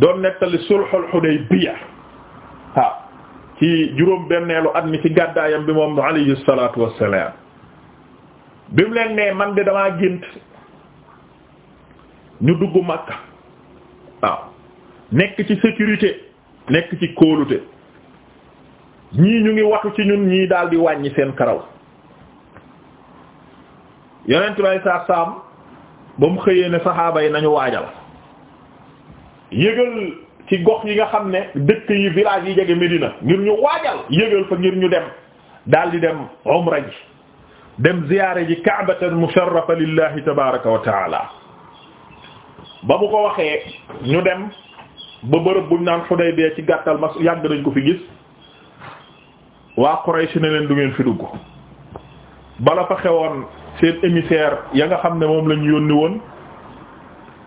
doon nettali sulhul Hudaybiya waaw ci juróom benneelu at mi ci gàddaayam bi moom alayhi salaatu wassalaam bi mu leen nee man de damaa gént ñu dugg Makka waaw nekk ci sécurité nekk ci kóolute ñii ñu ngi waxu ci ñun ñii daal di wàññi seen karaw yonent bay saa saam ba mu xëyee ne saxaaba yi nañu waajal yëgal ci gox yi nga xam ne dëkk yi village yi jege Medina ngir ñu waajal yëgal fa ngir ñu dem daal di dem umra ji dem ziyaare ji kaabatan musharrafa lillahi tabaraka wa ba mu ko waxee ñu dem ba bërëb buñ naan Hudaybiya ci gàttal mas yàgg nañ ko fi gis waa Quraysh ne leen du ngeen fi dugg bala fa xewoon seen émissaire ya nga xam ne moom lañu ñu yónni woon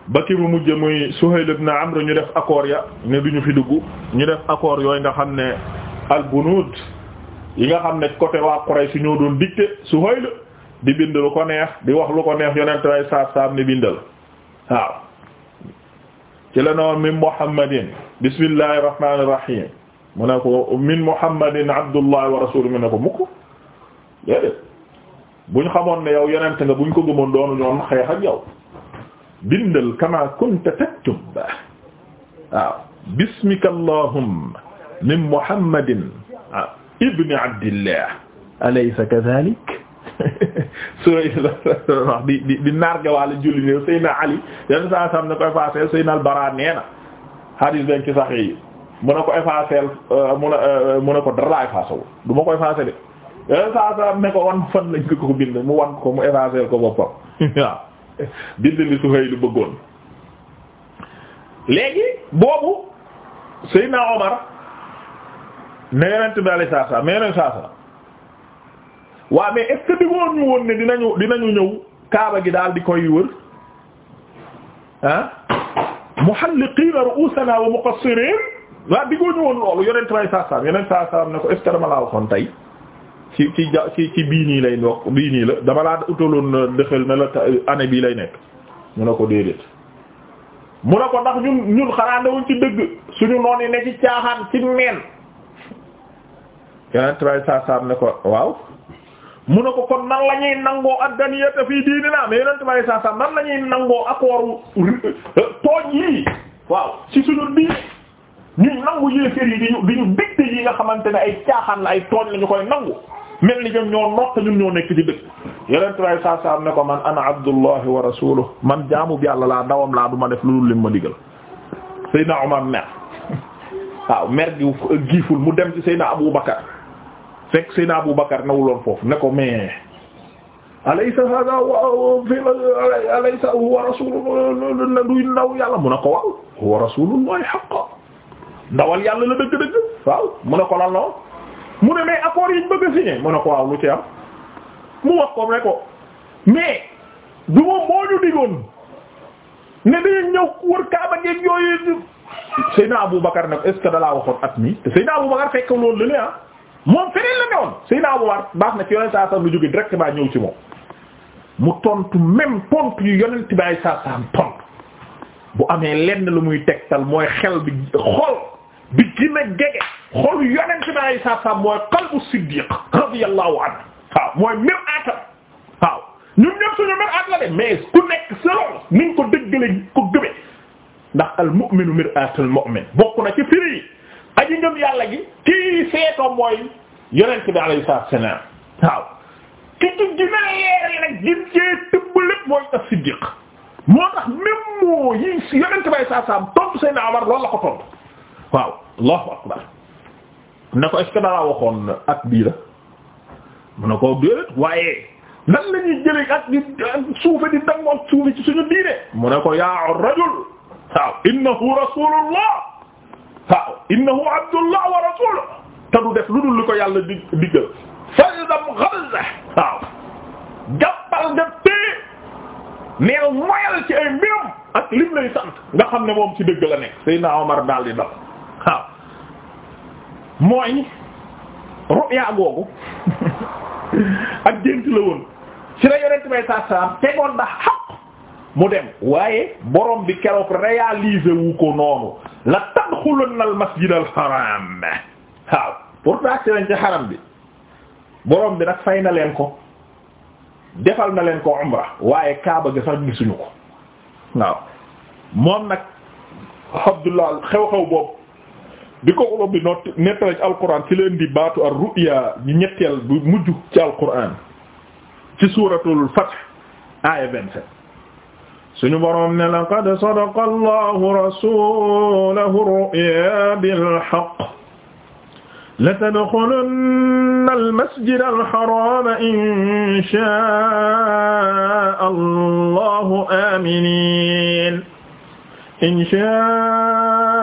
ba ki bu mujj muy Suhayl ibn Amr ñu def accord ya ne duñu fi dugg ñu def accord yooyu nga xam ne al bunud yi nga xam ne côté waa Quraysh si ñoo doon dicté Suhayl di bind lu ko neex di wax lu ko neex yonent way saab saab ni bindal waaw ci la noon min muhammadin bismillahir rahmanir rahim mu ne ko min muhammadin abdullah wa rasuluhu mu ne ko mukk déedéet buñ xamoon ne yow yonent nga buñ ko gëmoon doonu ñoo xeex ak yow bindal kama kunta taktub waaw bismika allahumma min muhammadin ah, ibni abdillah alaysa kadhalik di di di narga wala julli ne Ali yenn saa sam ne ko effacé Seydina Al-Bara nee na hadis dañ ci sax yi mu ne ko effacé mu saa sam ne ko wan fan lañ ko ko mu wan ko mu effacé ko boppam bind li Suhayl bëggoon léegi boobu Seydina Omar ne yonent bi alay saa saa mais yonent saa saa waaw mais ñu woon ne dinañu dinañu ñëw kaaba gi daal di koy wër ah muhalliqiina ru'uusanaa wa muqassiriin waaw digoon ñu woon loolu yonent bi alay saa saa yonent saa saa ne ko est dama laa waxoon tey ci ci ja ci bii nii lay wax bii nii la dama laa utaloon euh, dëxal ne la euh, année bii lay nekk mun ne ko déedéet mu ne ko ndax ñun ñun xanaa newuñ ci dëgg suñu noon yi ne ci caaxaan ci meen yeneen tibay saasaam ne ko waaw mu ne ko kon nan la nangoo ak daniyata fii diini naa mais yeneen tibay saasaam nan la ñuy nangoo accord euh, tooñ yii waaw ci suñu diini ñuy nangu yéeféer yi di ñu di ñu yi nga xamante ne ay caaxaan la ay tooñ la ñu koy nangu mel li ñoom ñoo nokk ñun ñoo nekk ci dëkk yonent way saa saa ne ko man ana abdullahi wa rasuluhu man jaamu bi yàlla laa ndawam laa du ma def lu dul lim ma digal Seydina Omar mer waaw mu dem ci Seydina Abu Bakar fekk Seydina Abu Bakar newuloon foofu ne ko mais alaysa hada wa fi alaysa huwa rasulullah duy ndaw a ko waaw huwa rasulullah haqqan ndawal yàlla la dëgg-dëgg waaw ko lan noonu mu ne mais accords yi bëgg a signé mu ne ko waaw lu ci am mu wax ko ne ko mais du moom moo ñu digoon ne dañu ñëw wër Kaaba geeg yooyu. Seydina Aboubacar nag est ce que da laa waxoon at mi te Seydina Aboubacar loolu la ne ah, moom feneen la ne woon Seydina Aboubacar baax na ci yonent saa saam lu jóge directement ñëw ci moom mu tontu même tontu yu yonent bi ay tontu bu amee lenn lu muy tegtal mooy xel bi xol. bi gën a jege xol yonent bi alayhi salaam mooy qalbu siddiq radiyallahu mooy même atam ñun ñëpp suñu même la de mais ku nekk selon ni nga ko dëggale ko gëbe ndax al mu'minu mir'atul mu'min bokk na ci firi a aji ngëm yàlla gi kii seetoo mooy yonent bi alayhi salaam waaw ki ci gën a yeer nag tëbb lépp mooy ak siddiq moo tax même moo yi yonent bi alayhi tontu Seydina Omar loolu la ko tontu waaw allahu akbar ne ko est-ce que at bii mu ne ko déedéet waaye nan la ñuy jëlee ak di suufe di dang ak suufe ci suñu diine mu ne ko yaa rajul waaw innahu rasulullah waaw innahu abdullah wa rasuluhu te def lu dul li ko yàlla dig diggal faydam xalsa waaw jàppal nga téye neel moyal ci ay mbiram ak lim lay sant nga xam ne moom ci dëgg la nekk Seydina Omar daal di dal mooy ru'ya googu ak gént la woon ci la yonent bay saa saa tegoon ndax xaq mu dem waaye borom bi keroog réaliser wu ko noonu la tadxulunna al masjid al haram waaw pourtant ci lañ ci xaram bi borom bi nag fay na leen ko defal na leen ko umra waaye kaaba ga sax gisuñu ko waaw moom nag Abdullah xew-xew boobu. bi ko olof bi noo nettale ci alquran ci leen di baatu ar ru'ya ñu ñetteel bu mujj ci alquran ci suuratul fath aaya 27 suñu boroom ne laqad sadaqa allahu rasulahu ar-ru'ya bil haqq latadxulunna al-masjida al-harama in sha'a allahu aminin in sha'a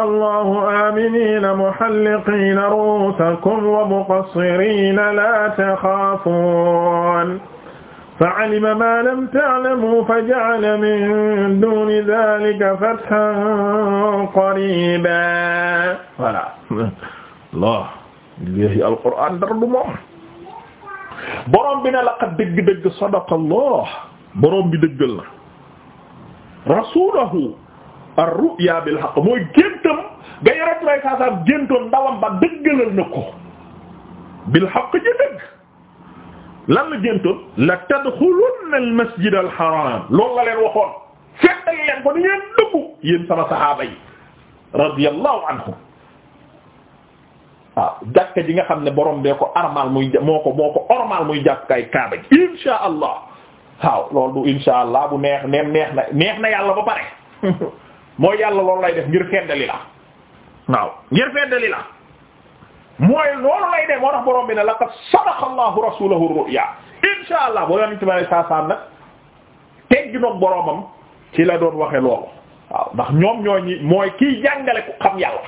allahu aminina muhalliqina ru'usakum wa muqassirina la taxaafuun fa'alima ma lam ta'lamu faja'ala min duni dhalika fathan qariban voilà Allah léegi alquran dara du moom borom bi na laqad dëgg-dëgg sadaqa Allah borom bi dëggal na rasulahu ar-ru'ya bil haqq mooy géntam ga yore may saasaam géntoon ndawam ba dëggalal na ko bil haqq ji dëgg lan la géntoon la tadxulunna al masjid al haram loolu la leen waxoon fettal leen ko ni ngeen dugg yéen sama sahaaba yi radiyallahu anhum waaw ah, jàkka ji nga xam ne borom bee ko armal muy moo ko moo ko ormal muy jàkkaay kaaba ji insha allah waaw loolu du insha allah bu neex neex na neex na yàlla ba pare mooy yàlla loolu lay def ngir feddali la waaw ngir feddali la mooy loolu lay def moo tax borom bi ne laqad sadaqa allahu rasulahu ru'ya insha allah boo yonente bi alei saa nag teggi noog boromam ci la doon waxe loolu waaw ndax ñoom ñooñi mooy kiy jàngale ku xam yàlla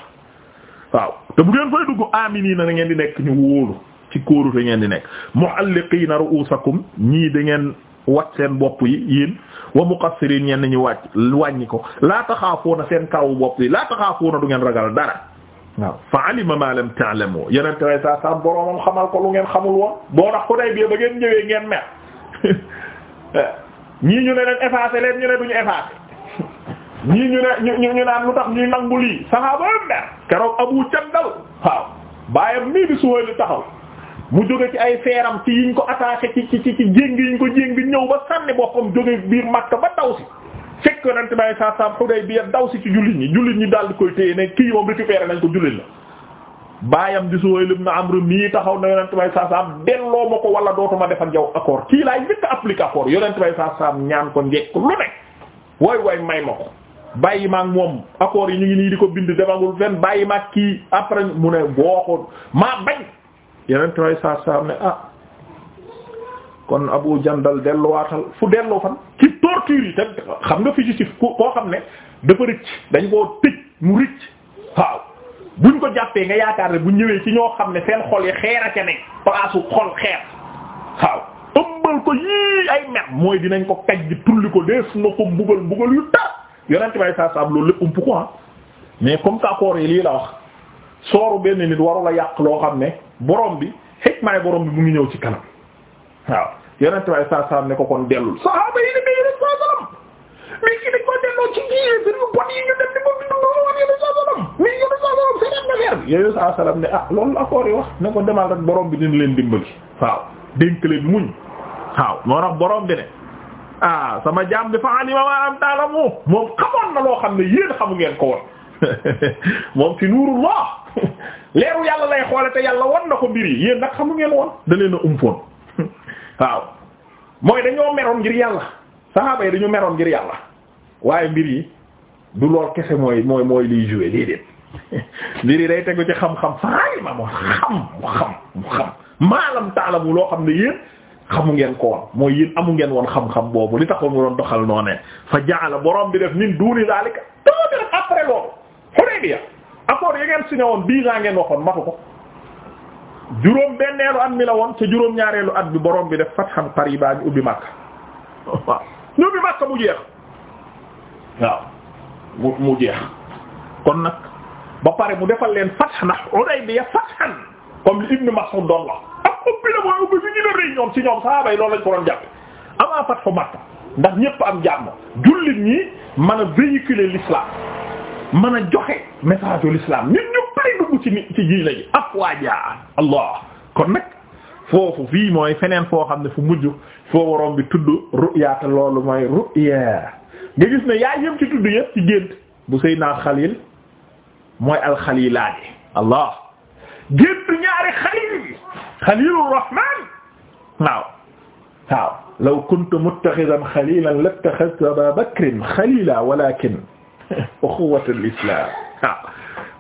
waaw te bu ngeen fay dugg aminiina na ngeen di nekk ñu wóolu ci kóorute ngeen di nekk mu'alliqiina ru'usakum ñii da wat seen bopp yi yéen wa muqassirin ñenn ñi wàcc wàññi ko laa taxaafoona seen kaw bopp yi laa taxaafoona du ngeen ragal dara waaw fa alima ma lam ta'lamu yenente way sa sa boroomam xamal ko lu ngeen xamul woon boo tax ku day bi ba ngeen ñëwee ngeen mer ñii ñu ne leen effacé leen ñu ne duñu effacé ñii ñu ne ñu ñu naan lu tax ñuy nangu lii saxaaba mer keroog Abu Jandal waaw bàyyam nii di Suhayl taxaw mu jóge ci ay feeram ci yiñ ñëw ba sànni boppam jóge biir Makka ba daw fekk yonent bi saa saam Hudaybiya daw si ci jullit ñi jullit ñi daal di koy téye ne kii moom récupéré nañ ko jullit la. baayam di Suhayl ibn Amr mii taxaw na yonent bi saa saam delloo ma ko wala dootuma def ak yow kii laay njëkk a appliqué yonent bi saa saam ñaan ko njëkk lu nekk way way may ma ko. bàyyi maag moom accords yi ñu ngi nii di ko bind demagul fenn bàyyi maag kii après mu ne boo ko maa bañ yeneen trois ah, kon Abu Jandal delluwaatal fu dellu fan ci torture yi te xam nga fugitif ku koo xam ne dafa rëcc dañ koo tëj mu rëcc waaw buñ ko jàppee nga yaakaar ne bu ñëwee ci ñoo xam ne seen xol yi xeer a ca ne palaasu xol xeer waaw ëmbal ko yii ay mer mooy dinañ ko kaj bi tulli ko dees na ko mbugal mbugal yu tar yonent bay saa saab loolu lépp ump ko ah mais comme que yi lii la wax sooru benn nit warula yàq loo xam ne borom bi xëj maay borom bi mu ngi ñëw ci kanam waaw yeneen saa saa ne ko kon dellul saxaaba yi ne mais ko yi ñu dem di ko bindu loolu woon yeneen saa salaam mais yeneen bi. yeneen saa salaam ne ah loolu la accord yi wax ne ko demal rek borom bi dina leen dimbali. waaw dénk leen muñ. waaw moo tax borom bi ne ah sama jaam bi fa alima ma lam ta'lamu moom xamoon na loo xam ne yéen xamu ngeen ko woon moom ci nuurullah leeru yàlla lay xoole te yàlla won na ko mbir yi yéen nag xamu ngeen woon da leen a umpoon. waaw mooy dañoo meroon ngir yàlla saxaaba yi dañu meroon ngir yàlla waaye mbir yi du lool kese mooy mooy mooy liy joué lii déet mbir yi day tegu ci xam-xam faay ma moo xam xam maalam taalamu loo xam ne yéen xamu ngeen ko woon mooy yéen amu ngeen woon xam-xam boobu li taxoon mu doon doxal noonu fa jaala borom bi def min duuni daalika après loolu Hudaybiya accord yi ngeen signé woon dix ans ngeen waxoon matu ko juróom benneelu at mi la woon ca juróom ñaareelu at bi borom bi def yi qariba ñu ubbi Makka waaw ñu ubbi Makka mu jeex waaw mu mu jeex kon nag ba pare mu defal leen fathan ndax Hudaybiya fathan comme li Ibn Mas'ud doon wax ak ubbi la mooy ubbi fi ñu ne rëy ñoom ci ñoom sahaaba yi loolu lañ ko doon jàppe avant fathu Makka ndax ñépp am jàmm jullit ñi mën a véhiculer l'islam mën a joxe message yu l'islam ñun ñu bari ëpp ci ci foofu fii mooy feneen foo xam ne fu mujj foo waroon bi tudd ru'ya te loolu mooy ru'ya nga gis ne yaa yëm ci tudd yëpp ci gént bu Seydina Xalil mooy alxalilaani allah gént ñaari xalil xalilur rahmaan waaw waaw law kuntu muttaxidan xalilan lattaxadtu Abaa Bakrin xalila walakin uxuwatul islaam waaw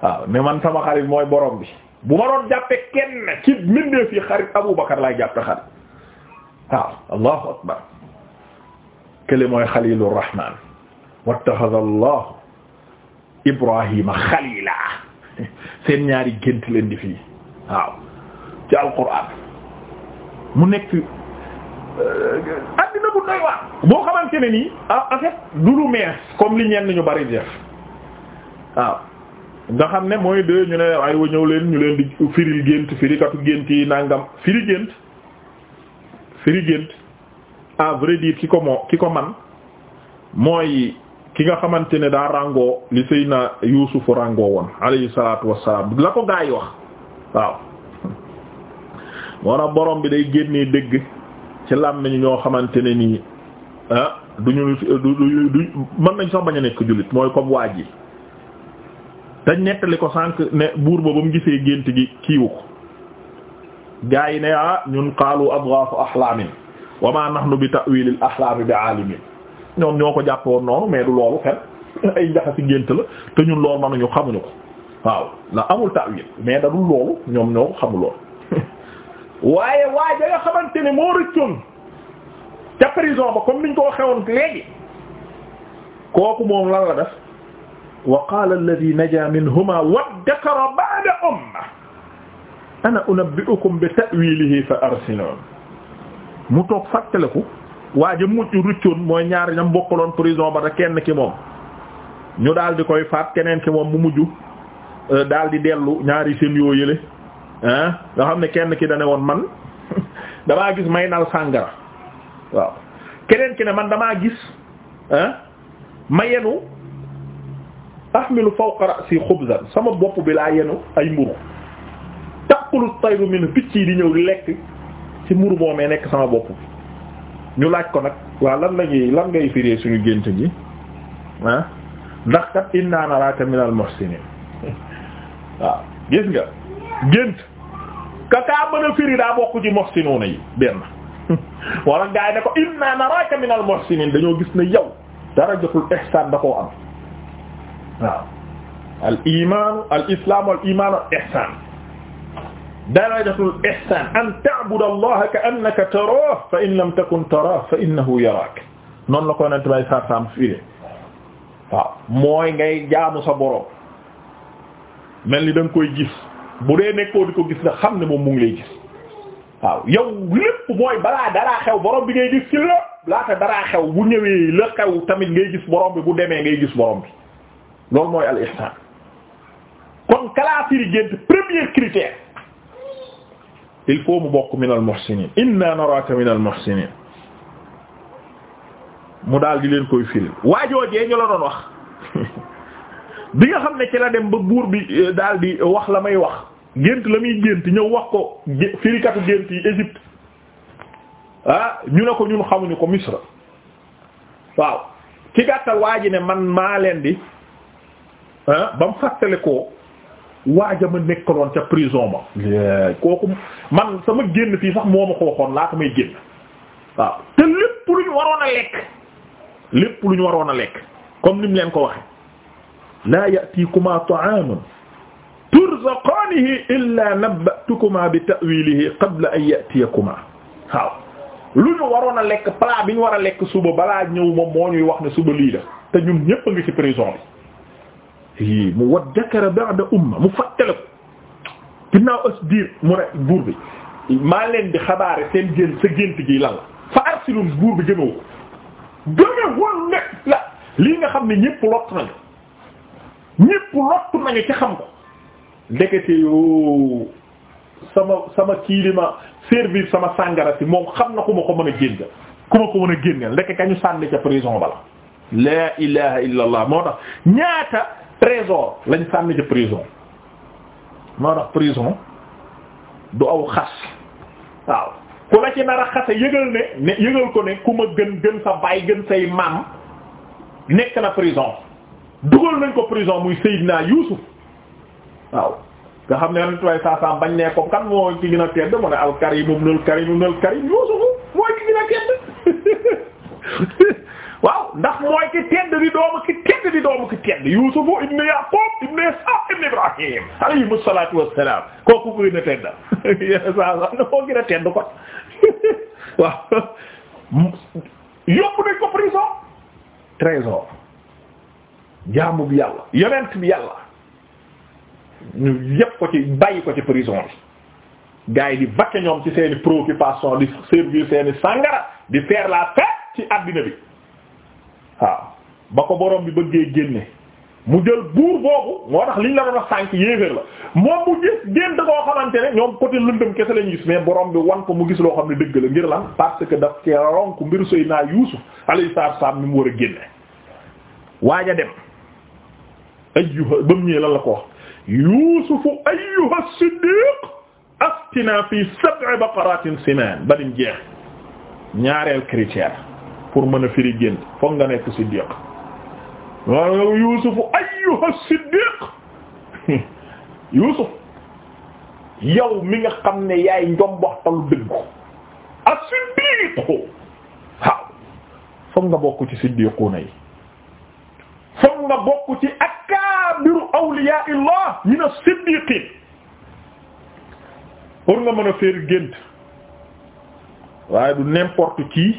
waaw ne man sama xarit mooy borom bi bu ma doon jàppe kenn ci mbindeef yi xarit Abubakar laay jàppe xarit waaw allahu akbar kële xalilu rahman wattaxada allahu seen ñaari gént leen di fii waaw ci alquran mu nekk euh, addina bu doy waar boo xamante ne nii ah, en fait du lu mees comme li ñenn ñu bari def waaw nga xam ne mooy de ñu ne ay wa ñëw leen ñu leen di firil gént firikatu gént yi nangam firi gént firi gént à ki ko moo ki ko man mooy ki nga xamante ne daa ràngoo li na Yuusufu ràngoo woon alayhi salaatu wassalaam la ko gaa yi wax waaw moo tax borom bi day génnee dëgg ci làmmiñ ñoo xamante ne nii ah du ñu du du mën nañ sax bañ a nekk jullit mooy comme waaj yi dañ nettali ko sànq ne buur ba ba mu gisee gént gi kiiwu ko gaa yi ne ah ñun qaalu adghaafu ahlaamin wa ma nahnu bi ta'wiil ahlaami bi aalimin ñoom ñoo ko jàpp noonu mais du loolu fen ay jaxasi gént la te ñun loolu manuñu xamuñu ko waaw ndax amul ta'wil mais da dul loolu ñoom ñoo ko xamuloon waaye waaye da xamante ne moo rëccoon ca prison ba comme niñ ko waxee léegi kooku moom lan la def wa qaala alladhi najaa minhumaa waddakara ba'da umma ana mu toog fàttaliku waa ja mucc ruccoon mooy ñaar ñam bokkaloon prison ba te kenn ki moom ñu daal di koy faat keneen ki moom mu mujj euh, daal di dellu ñaari seen yoo yële ah xam ne kenn ki dane woon man damaa gis may nal sàngara waaw keneen ki ne man damaa gis ah ma yenu ahmilu fawqa ra'si xubzan sama bopp bi laa yenu ay mburu taqulu tayru min picc yi di ñëw di lekk ci mburu moomee nekk sama bopp bi ñu laaj ko nag waa lan lañuy lan ngay firee suñu gént gi ah ndax kat inna naraka minal muhsinin waaw gis nga gént ka kaa mën a firi daa bokk ci muhsinuna yi benn wala gaa yi ne ko inna naraka minal muhsinin dañoo gis ne yow dara jotul ihsan da koo am waaw al imaanu al islaamu al imaanu ihsaan an ta'buda allaha ka annaka taraahu fa lam takun taraahu fa innahu yaraak noonu la ko yonent bay sar sam fiire waaw mooy ngay jaamu sa boroom mel ni da koy gis bu dee nekkoo di ko gis nga xam ne moom mu lay gis waaw yow lépp mooy balaa daraa xew borom bi ngay gis ci lépp laata daraa xew bu ñëwee la xew tamit ngay gis borom bi bu demee ngay gis borom bi lool mooy al ihsan kon kalaafiri gént premier critère il faut mu bokk min al muhsinin inna naraka min al muhsinin mu daal di leen koy firil waajoojee ñu la doon wax bi nga xam ne ci la dem ba buur bi euh, daal di wax la may wax gént la muy gént ñëw wax ko firikatu gént yi Égypte ah, ñu ne ko ñun xamuñu ko Misra waaw ci gàttal waa ne man maa leen di ba mu fàttale koo waaja ma nekkaloon ca prison ba kooku man sama génn fii sax moo ma ko waxoon laata may génn waaw te lépp lu ñu waroon a lekk lépp lu ñu waroon a lekk comme ni mu leen ko waxe laa ya'tiikumaa ta'aamun turzaqaanihi illaa nabba'tukumaa bi ta'wiilihi qabla an ya'tiyakumaa waaw lu ñu waroon a lekk plat bi ñu war a lekk suba balaa ñëw moom moo ñuy wax ne suba lii la te ñun ñépp a ngi ci prison bi i mu wat jakara ba'da umma ko ginnaaw as diir mu buur bi maa leen di xabaare seen génn sa gént gi lan la fa arsilum buur bi gënoo ko gëna woon ne la lii nga xam ne ñépp lott nañu ñépp lott nañu ci xam ko ndekete yoo sama sama kiilima sama sàngara si moom xam na ku ma ko mën a génn ku ma ko mën a génneel ndeke kañu sànni ca prison bala la ilaha illa moo tax ñaata trésor lañ sànni ci prison moo tax prison du aw xas waaw ku la ci nar a xase yëgal ne ne yëgal ko ne ku ma gën gën sa baay gën say maam nekk na prison dugal nañ ko prison muy Seydina Yuusuf waaw nga xam ne yonent way saa saa bañ ne ko kan moo ci gën a tedd mu ne al karim ibnul karim ibnul karim Yuusuf mooy ci gën tedd waaw ndax mooy ci tedd di doomu ki di doomu ki tedd yuusufu ibnu yaqub ibnu isxaaq ibnu ibrahim alayhimu salaatu wassalaam kooku ko gën a tedd saa na koo gën a tedd ko waaw yóbbu nañ ko prison trésor jaamu bi yàlla yonent bi yàlla ñu yépp ko ci bàyyi ko ci prison bi gars di vaque ñoom ci seeni préoccupation di servir seeni sàngara di faire la fête ci àddina bi waaw ba ko borom bi bëggee génne mu jël buur boobu moo tax liñ la doon wax sànk yéeféer la moom mu gis gént koo xamante ne ñoom côté lëndëm kese lañu gis mais borom bi wan ko mu gis loo xam ne dëgg la ngir lan parce que daf ci ronk mbir sëy naa Yuusuf alayhi salaam mi mu war a génne waaj a dem ayyuha ba mu ñëwee lan la ko wax yuusufu ayyuha siddiq aftina fi sab'i baqaratin siman ba dim jeex ñaareel critère pour mën a firi gént foog nga nekk siddiq waaw yow yuusufu ayyuha siddiq yuusuf yow mi nga xam ne yaay njomboxtalu dëggu as-siddiqu waaw foog nga bokk ci siddiquuna yi foog nga bokk ci akaabiru awliyaa illah min as pour nga mën a féer gént waaye du n'importe kii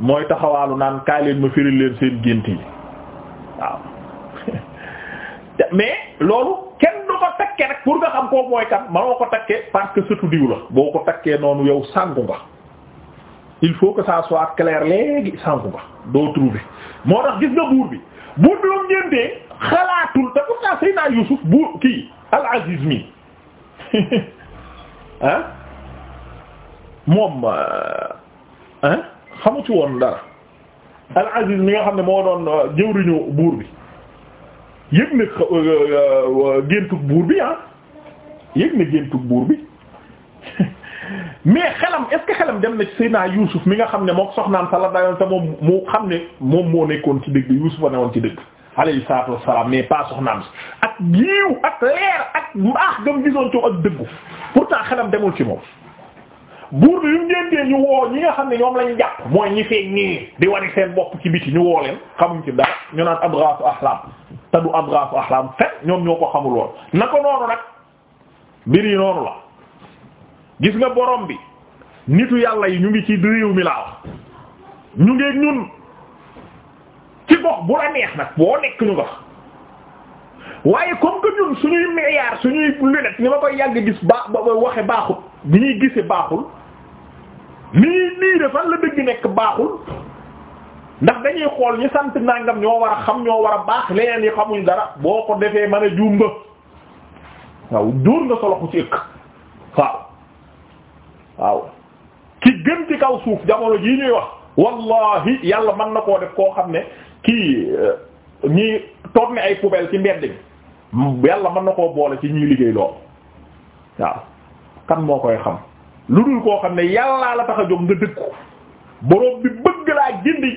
mooy taxawaalu naan kaay leen ma firil leen seen gént yi waaw mais loolu kenn du ko takke rek pour nga xam kooku mooy kan manoo ko takkee parce que surtout diw la boo ko takkee noonu yow sànku nga il faut que ça soit clair léegi sànku nga doo trouver moo tax gis nga buur bi bu doom ñeentee xalaatul te pourtant Seydina Yuusuf buur kii Al Aziz mi moom ah xamu ci woon dara al aziz mi nga xam ne moo doon euh, jëwriñu buur bi yëg na euh, euh, géntug buur bi ah yëg na géntug buur bi mais xelam est xelam dem na ci Seydina Yuusuf mi nga xam ne mook soxnaam sa la dayoon moom xam ne moom moo nekkoon ci dëgg Yuusuf a newoon ci dëgg alayhi salaatu wassalaam mais pas soxnaam si ak yiiw ak leer ak mbaax gam gisoon ci ak dëggu pourtant xelam demul ci moom buur bi yu ngéntee ñu woo ñi nga xam ne ñoom lañu jàpp mooy ñi feeñ nii di wari seen bopp ci biti ñu woo leen xamuñ ci dara ñu naan ab abraasu ahlam te du abraasu ahlam fet ñoom ñoo ko xamul woon na ko noonu nag mbir yi noonu la gis nga borom bi nitu yàlla yi ñu ngi ci réew mi laa wax ñu ngeeg ñun ci gox bu la neex nag boo nekk ñu gox waaye comme que ñun suñuy milliards suñuy lunette ni ma koy yàgg gis baa waxe baaxut bi ñuy gise baaxul nii nii de fan la dëgg nekk baaxul ndax dañuy xool ñi sant nangam ñoo war a xam ñoo war a baax leneen yi xamuñ dara boo ko defee mën a juum nga waaw dóor nga solo ko ci ëkk waaw waaw ki gën ci kaw suuf jamono jii ñuy wax wallahi yàlla mën na koo def koo xam ne kii euh, ñi toog ne ay poubelle ci mbedd mi yàlla mën na koo boole ci ñuy liggéey lool waaw kan moo koy xam lu dul koo xam ne yàllaa la tax a jóg nga dëkku borom bi bëgg laa gindi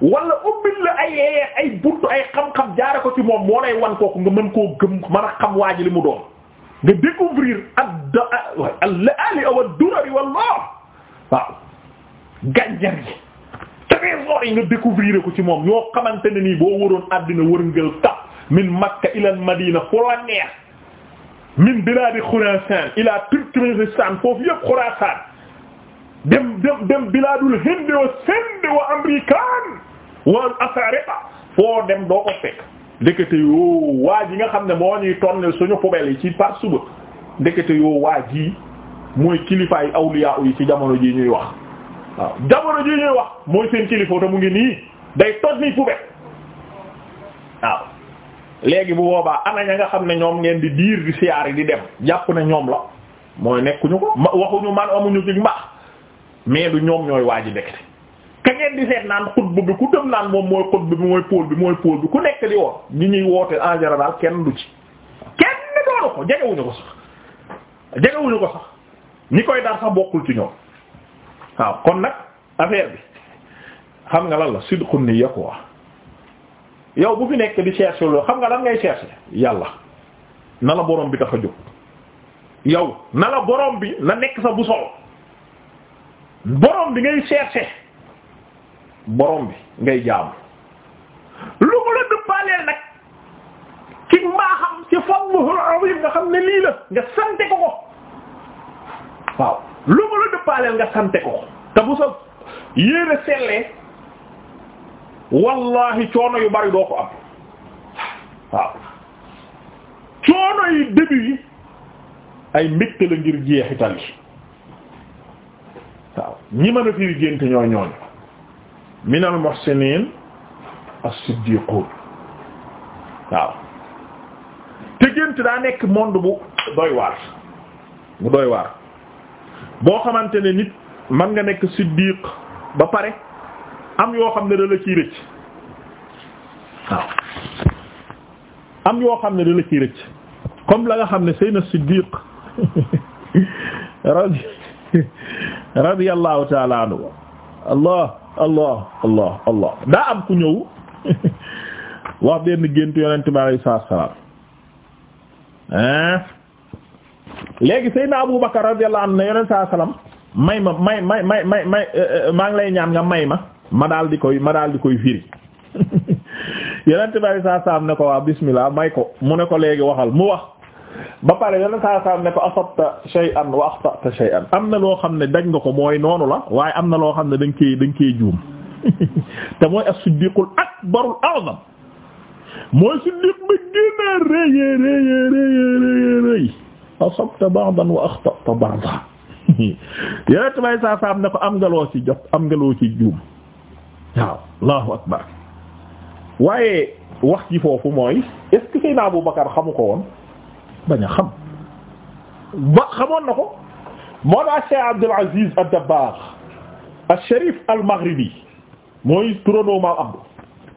wala ubbil la ay ay buntu ay xam-xam jaare ko ci moom moo lay wan kooku nga mën koo gëm mën a xam waa ji li mu doon nga découvrir ak da al ali aw ad-durari wallah waaw gànjar yi trésor yi nga découvrir ko ci moom yoo xamante ne nii boo waroon àddina wërngël tax min makka ilal madina fu la neex min bilaadi Xuraasaan ila Turkménistan foofu yëpp Xuraasaan dem dem dem bilaadul Hind wa Sind wa Amrikaan wa Afariqa foo dem doo ko fekk ndekete yoo waa ji nga xam ne moo ñuy tonne suñu poubelle yi ci par suba ndekete yoo waa ji mooy kilifaayu awliyaa yi ci jamono ji ñuy wax waaw jamono ji ñuy wax mooy seen kilifa te mu ngi nii day toj ni poubelle waaw léegi bu boobaa ana ña nga xam ne ñoom ngeen di diir di siyaar yi di dem jàpp ne ñoom la mooy nekkuñu ko waxuñu man amuñu ci mbaax mais du ñoom ñooy waa ji ndekete ka ngeen di seet naan xutba bi ku dem naan moom mooy xutba bi mooy pôle bi mooy pôle bi ku nekk di woon ñi ñuy woote en général kenn du ci kenn doonu ko jegewuñu ko sax jegewuñu ko sax ñi koy dar sax bokkul ci ñoom waaw kon nag affaire bi xam nga lan la sidqun niyya quoi yow bu fi nekk di chercher loolu xam nga lan ngay chercher yàlla na la borom bi tax a jóg yow na la borom bi na nekk sa bu sol borom bi ngay chercher borom bi ngay jaamu lu ko la dëppaaleel nag ci maaxam ci fadluhul azim nga xam ne lii la nga sante ko ko waaw lu ko la dëppaaleel nga sante ko ko te bu sa yéene sellee wallahi coono yu bari doo ko am waaw coono yi début yi ay mbégte la ngir jeexital yi waaw ñi mën a firi gént ñooy ñooñ min al muhsinin as-siddiqun waaw te gént daa nekk monde bu doy waar bu doy waar boo xamante ne nit man nga nekk siddiq ba pare am yoo xam ne da la rëcc am yoo xam ne da la rëcc comme la nga xam ne Seydina Siddiq radi radiyallahu ta'ala anhu allah allah allah allah daa am ku ñëw wax benn gént yonent bi alayhi salaatu wa salaam léegi Seydina Abu Bakar radiyallahu anhu ne yonent salaam may ma may may may euh, euh, maa ngi lay ñaan nga may ma ma daal di koy ma daal di koy firi yeneen tubaab saa saam ne ko waa bismillah may ko mu ne ko léegi waxal mu wax ba pare yeneen saa saam ne am na loo xam ne dañ nga ko mooy noonu la waaye am na loo xam ne dañ koy dañ koy juum mooy as-siddiqul a rëy rëy rëy rëy asabta ba'dan ko am nga ci jot am nga ci juum. waaw allahu akbar waaye wax ji foofu mooy est-ce que Seydina Abu Bakar xamu ko woon bañ a xam ba xamoon na ko moo naa Cheikh Abdul Aziz ad-Dabbagh al-Sharif al-Maghribi mooy turandoo maam Abdou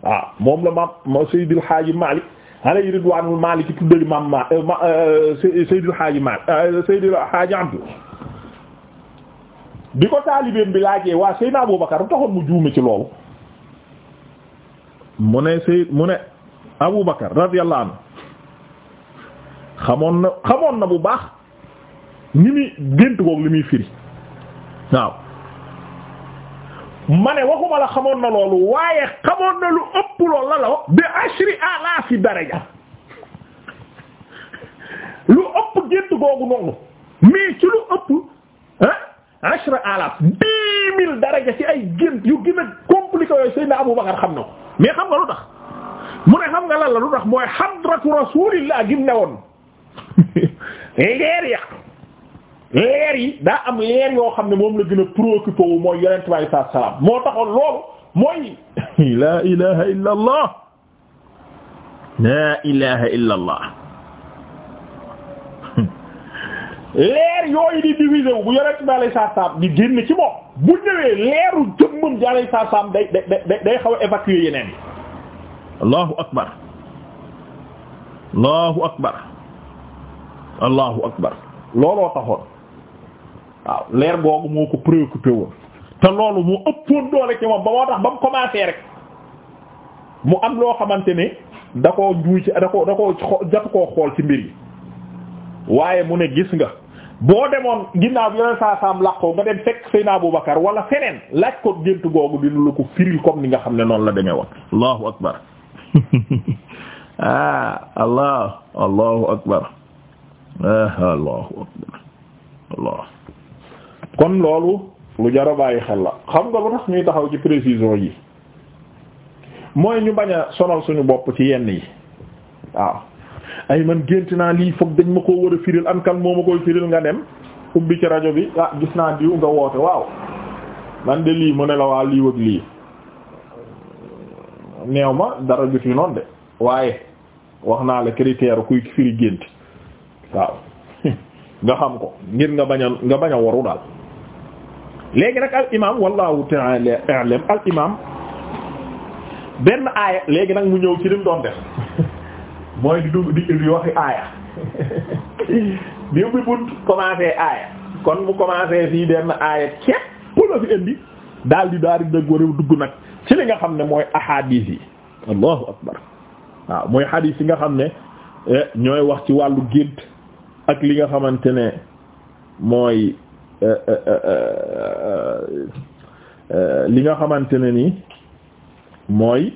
waaw moom la maam Seydil Haaji Malik alayhi ridwaanul Malik tuddali maam ma euh, euh, Seydil Haaji Malik euh, Seydil Haaji Abdou bi ko taalibeem bi laajee waa Seydina Abu Bakar taxoon mu juume ci loolu mu ne Seyd mu ne Abu Bakar radiyallahu xamoon na xamoon na bu baax ni muy gént googu li muy firi waaw ma ne waxuma la xamoon na loolu waaye xamoon na lu ëpp loolu la la bi ashri alaafi daraja lu ëpp gént googu noonu mais ci lu ëpp ah ashra alaaf dix mille daraja ci ay gént yu gën compliqué yooyu Seydina Abu Bakar xam na ko mais xam nga mu ne xam nga la lu tax mooy hadratu rasulillah gim ne woon yi daa am leer yoo xam ne moom la gën a préoccupé wu mooy yonent bi alayhi salaatu moo taxoon loolu mooy la leer yooyu di diviser wu bu yorent bi alay saa saam génn ci moom bu ñëwee leeru jëmmam di alay saa saam day day day xaw a évacuer yeneen yi allahu akbar allahu akbar allahu akbar looloo taxoon waaw leer googu moo ko préoccupé woon te loolu moo ëppoon doole ci moom ba moo tax ba mu commencé rek mu am loo xamante ne da koo juuy ci da ko da ko koo xool ci mbir yi waaye mu ne gis nga boo demoon ginnaaw yeneen saa saam laqoo nga dem fekk Seyna Abubakar wala feneen laaj ko gént googu dina la ko firil comme ni nga xam ne noonu la demee woon allahu akbar ah, allahu akbar ah, allahu akbar allah kon loolu lu jara bàyyi xel la xam nga lu tax ñuy taxaw ci précision yi mooy ñu bañ a suñu bopp ci yenn yi waaw ay man gént naa lii foog dañ ma ko war a firil an moo ma koy firil nga dem ubbi ci rajo bi ah gis naa diw nga woote waaw man de lii mu ne la waa lii wëg lii neew ma dara jot yi de waaye wax naa la critère kuy firi gént waaw nga xam ko ngir nga bañ nga bañ a waru daal léegi nag al imam wallahu ta'ala a'lam benn aaya léegi nag mu ñëw ci lim doon def mooy di dugg di di waxi aaya di ubbi bunt commencé aaya kon bu commencé fii benn aaya képp la fi indi daal di daal di dëgg war dugg nag ci li nga xam ne mooy ahadis yi allahu akbar waaw mooy hadis yi nga xam ne eh, ñooy wax ci wàllu gént ak li nga xamante ne mooy eh, eh, li nga xamante ne ni mooy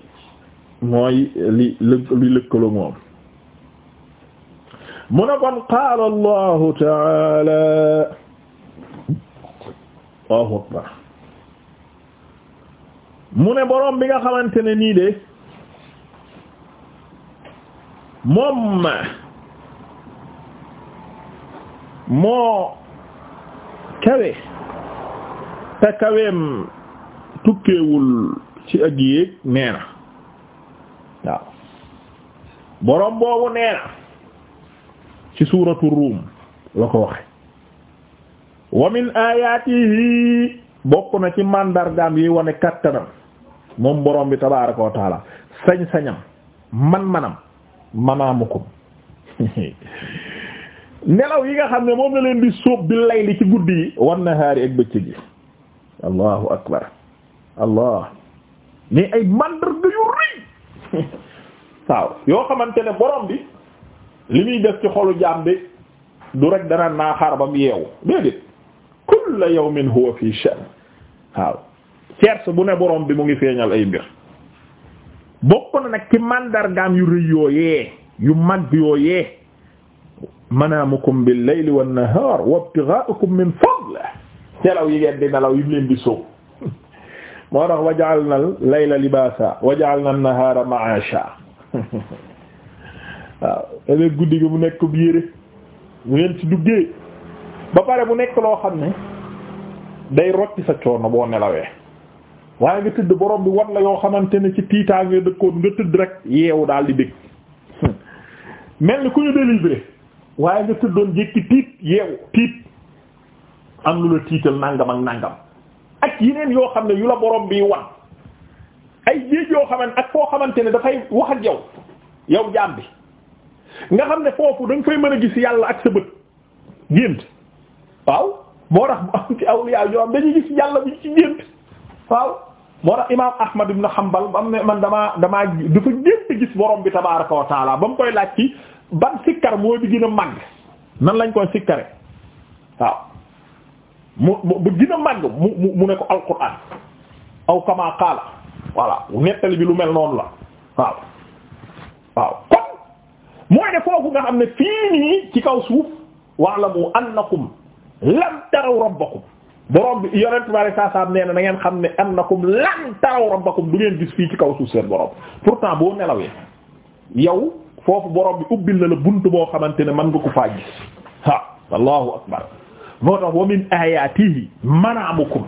mooy li lëkk li lëkkaloo moom mu ne kon qaala allahu taala allahu akbar mu ne borom bi nga xamante ne nii de moom moo kawe te kaweem tukkeewul ci ak yéeg nee na boobu nee ci suuratu ruum la ko waxe wa min bokk na ci mandargaam yi wane kattanam moom borom bi tabaaraka wa taala sañ-sañam man-manam manaamukum nelaw yi nga xam ne moom la leen di sóob bi layli ci guddi yi wan nahaari ak bëccëg yi allahu akbar allah ni ay mandarga yu rëy waaw yoo xamante ne borom bi li muy def ci xolu jaam bi du rek dana naa ba mu yeewu déedéet kulla yawmin huwa fi sha'n waaw cerce bu ne borom bi mu ngi feeñal ay mbir bokk na nag ci màndargaam yu rëy yooyee yu mag yooyee manaamukum bil layli wan wa ibtighaa'ukum min fadlihi nelaw yi ngeen di nelaw yi mu leen di soow moo tax libaasa waja'alna an-nahaara ma'aasha waaw léeg guddi gi mu nekk biir yére bu ngeen ci duggee ba pare mu nekk loo xam ne day rotti sa coono boo nelawee waaye nga tëdd boroom bi wan la yoo xamante ne ci tiitaa nga dëkkoon nga tëdd rek yeewu daal di bëgg mel ni ku ñu délivré waaye nga tëddoon jékki tiit yeewu tiit am lu la tiital nangam ak nangam ak yeneen yoo xam ne yu la borom bi wan ay jéeg yoo xaman ak foo xamante ne dafay wax ak yow yow jaam bi nga xam ne foofu da koy mën a gis yàlla ak sa bët gént waaw moo tax mu am ci awliya yoo am dañuy gis yàlla bi ci gént waaw moo tax imaam Ahmad ibn Hanbal am ne man damaa damaa dafa gént gis borom bi tabaaraka wa taala ba mu koy laaj ci ban sikkar mooy bi gën a màgg nan lañ koy sikkare waaw mu bu gën a màgg mu mu ne ko alquran aw kama qaala voilà nettali bi lu mel noonu la waaw waaw mooy ne foofu nga xam ne fii nii ci kaw suuf wa'lamu annakum lam taraw rabbakum borom bi yonent bi alayhi salaam nee na na ngeen xam ne annakum lam taraw rabbakum du ngeen gis fii ci kaw suuf seen borom pourtant boo nelawee yow foofu borom bi ubbil na la buntu boo xamante ne man nga ko faa gis ha allahu akbar moo tax wa min ayatihi manaamukum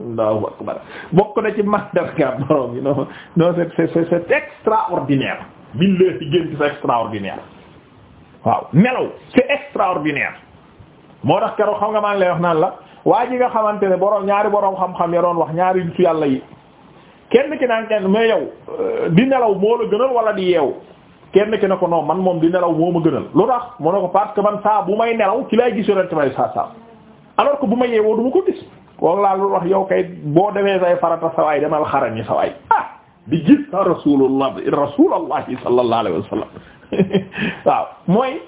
allahu akbar bokk na ci mandarga borom bi non non c'est c'est c'est extraordinaire billahi ci gént c'est extraordinaire waaw nelaw c'est extraordinaire moo tax keroog xam nga maa ngi lay wax naan la waa ji nga xamante ne borom ñaari borom xam-xam ya wax ñaari nitu yàlla yi kenn ki naan kenn mais yow euh, di nelaw moo la gënal wala di yeewu kenn ki na ko non man moom di nelaw moo ma gënal lu tax mu ne ko parce que man saa bu may nelaw ci lay gis yonent may saa saa alors que bu ma yeewoo du ma ko gis. walla lu wax yow kay boo demee say farata sawaay demal xarañi sawaay ah bi gis sa rasulullah rasulallahi waaw mooy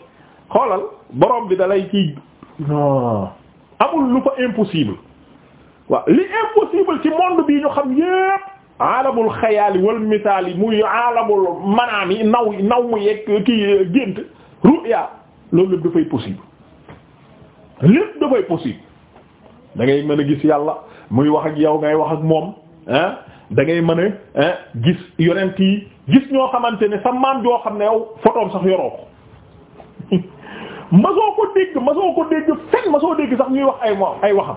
xoolal boroom bi dalay ci non amul lu fa impossible waaw li impossible ci monde bi ñu xam yépp alamul xayaali wal misaal yi muy alamul manaam yi naw naw mu yegg kii gént ruya loolu lépp dafay possible lépp dafay possible da mën a gis yàlla muy wax ak yow ngay wax ak moom da ngay mën a gis yonent yi gis ñoo xamante ne sa maam joo xam ne yow photoom sax yoroo ko masoo ko dégg masoo ko dégg fenn masoo dégg sax ñuy wax ay ay waxam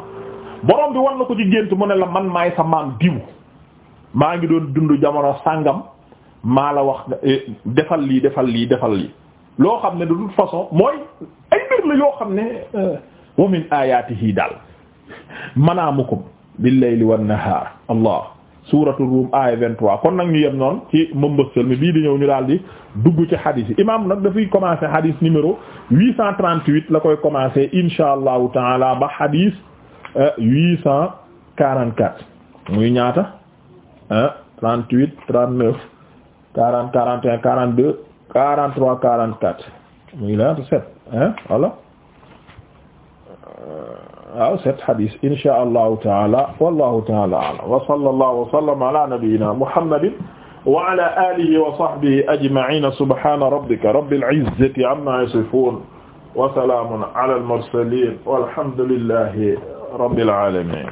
borom bi war na ko ci gént mu ne la man maay sa maam diw maa ngi doon dund jamono sàngam maa la wax eh, defal lii defal lii defal lii loo xam ne de toute façon mooy ay mbir la yoo xam ne eh, wa min ayatihi daal manaamukum bil layli wan nahar allah suuratul Ruum aaya 23 kon nag ñu yem noonu ci mbëmbëstal mi bii di ñëw ñu daal di dugg ci xadis yi imaam nag dafay commencer xadis numéro 838 la koy commencer insha allahu taala ba xadis 844 euh, muy ñaata ah 38 39 40 41 42 43 44 muy la 7 ah voilà. Euh, waaw sept hadis insha allahu taala wallahu taala alam wa sallallahu wa sallama ala nabiyyina muhammadin wa ala alihi wa sahbihi ajma'ina subhana rabbika rabbil izzati amma yasifun wa salamun ala al mursalin walhamdulillahi rabbil alamin